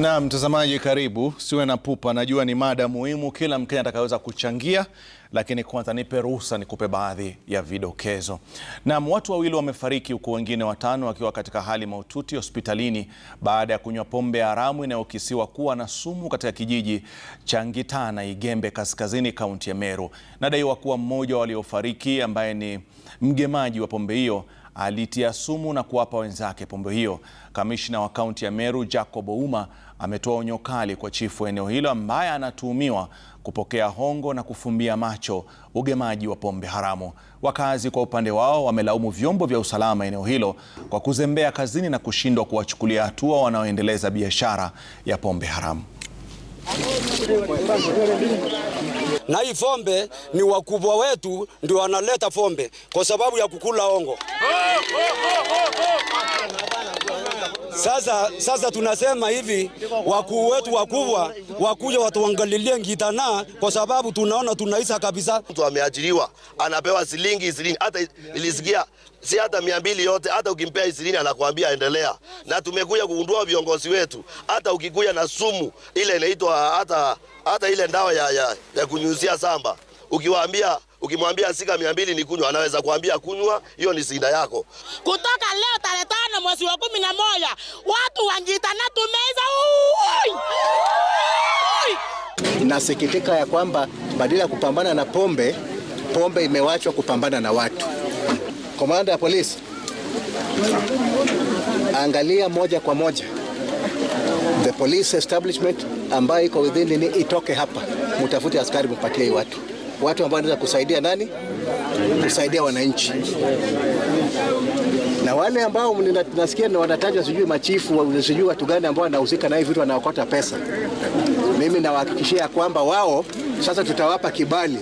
Na mtazamaji, karibu. Siwe na pupa, najua ni mada muhimu, kila Mkenya atakaweza kuchangia, lakini kwanza nipe ruhusa nikupe baadhi ya vidokezo. Naam, watu wawili wamefariki huku wengine watano wakiwa katika hali mahututi hospitalini baada ya kunywa pombe haramu inayokisiwa kuwa na sumu katika kijiji cha Ngitana Igembe, kaskazini kaunti ya Meru. Nadaiwa kuwa mmoja waliofariki ambaye ni mgemaji wa pombe hiyo alitia sumu na kuwapa wenzake pombe hiyo. Kamishna wa kaunti ya Meru Jacob Ouma ametoa onyo kali kwa chifu eneo hilo ambaye anatuhumiwa kupokea hongo na kufumbia macho ugemaji wa pombe haramu. Wakazi kwa upande wao wamelaumu vyombo vya usalama eneo hilo kwa kuzembea kazini na kushindwa kuwachukulia hatua wanaoendeleza biashara ya pombe haramu na hii fombe ni wakubwa wetu ndio wanaleta fombe kwa sababu ya kukula ongo. Sasa, sasa tunasema hivi, wakuu wetu wakubwa wakuja watuangalilie Ngitana kwa sababu tunaona tunaisa kabisa. Mtu ameajiriwa anapewa shilingi ishirini, hata nilisikia si hata mia mbili yote, hata ukimpea ishirini anakuambia endelea. Na tumekuja kugundua viongozi wetu, hata ukikuja na sumu ile inaitwa hata, hata ile ndawa ya, ya, ya kunyunyizia samba, ukiwaambia ukimwambia sika mia mbili ni kunywa, anaweza kuambia kunywa, hiyo ni shida yako. Kutoka leo tarehe tano mwezi wa kumi na moja Wanjiita natumeza nasikitika ya kwamba badala ya kupambana na pombe, pombe imewachwa kupambana na watu. Komanda ya polisi, angalia moja kwa moja the police establishment ambayo iko within nini, itoke hapa, mtafute askari mpatie watu, watu ambao wanaweza kusaidia nani, kusaidia wananchi na wale ambao nasikia wanatajwa sijui machifu sijui watu gani ambao wanahusika na hivi vitu wanaokota pesa, mimi nawahakikishia kwamba wao sasa tutawapa kibali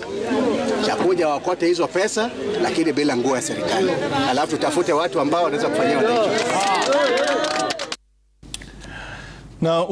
cha kuja wakote hizo pesa, lakini bila nguo ya serikali, alafu tutafute watu ambao wanaweza kufanyia wananchi na